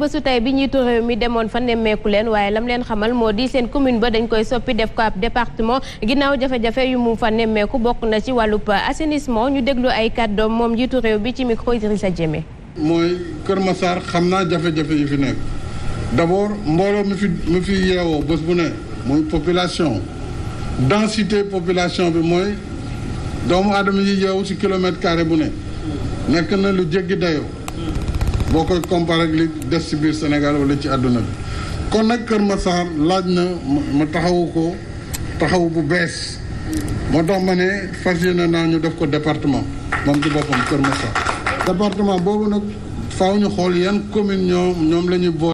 bésu tey bi njiitu réew mi demoon fa nemmeeku leen waaye lam leen xamal moo di seen commune ba dañ koy soppi def ko ab département ginnaaw jafe-jafe yu mu fa nemmeeku bokk na ci wàllub assainissement ñu déglu ay doom moom njiitu réew bi ci micro Idrissa Diémé mooy Kër Massar xam naa jafe-jafe yi fi nekk d'abord mbooloo mi fi mi fi yeewoo bés bu ne mooy population densité population bi mooy doomu aadama yi yeewu ci kilomètre carré bu ne nekk na lu j dayoo boo koy comparé ak li des ci biir Sénégal wala ci àdduna bi kon nag Kër Massar laaj na ma taxawu ko taxaw bu bees moo tax ma ne fas yéene naa ñu def ko département moom ci boppam Kër Massar département boobu nag faaw ñu xool yan commune ñoom lañuy la